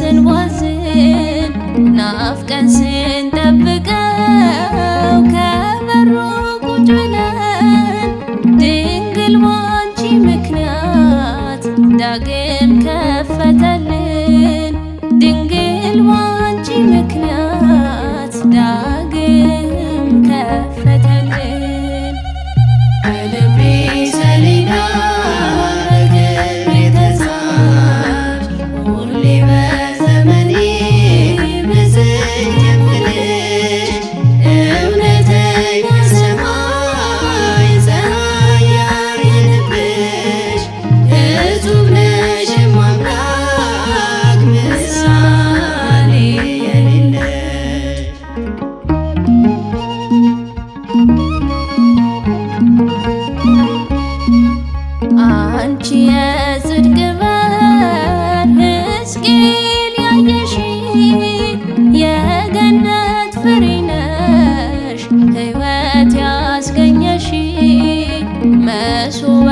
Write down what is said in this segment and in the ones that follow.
ስንዋዝን ናፍቀን ስንጠብቀው ገነት ያስገኘሽ መሶበ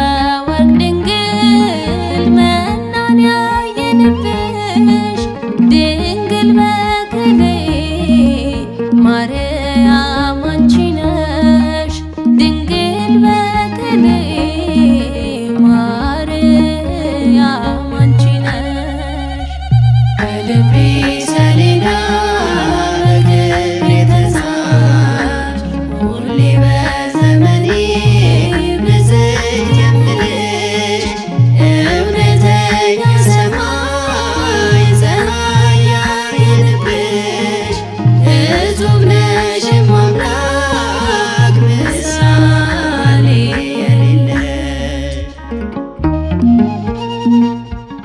ወርቅ ድንግል መናን ያየንብሽ ድንግል በክሌ ማርያም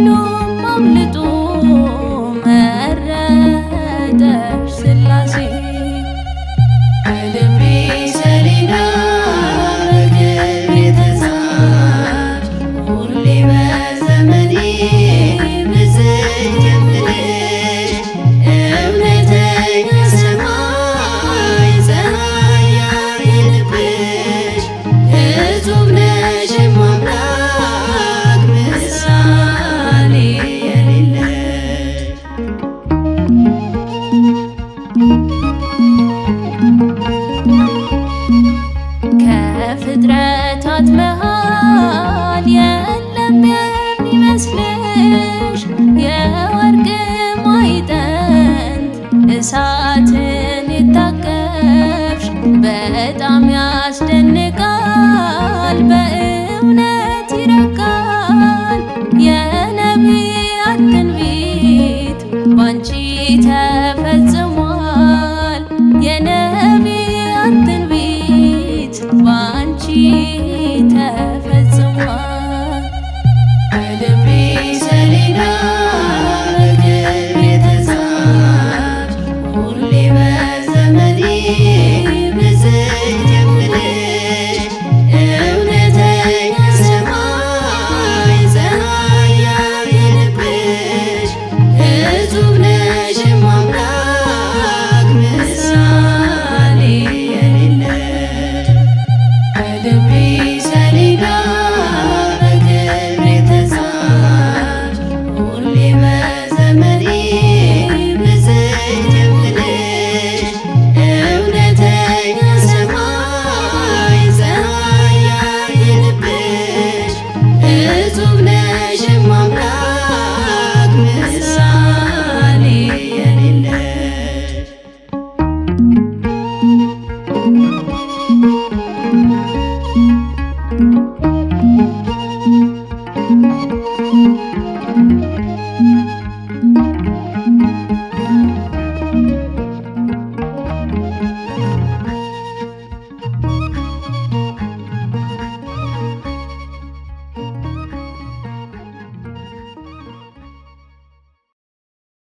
ሁሉም አምልጦ በእሳት መሃል የለብን ይመስልሽ የወርቅ ማዕጠንት እሳትን የታቀፍሽ በጣም ያስደንቃል በእውነት Thank you.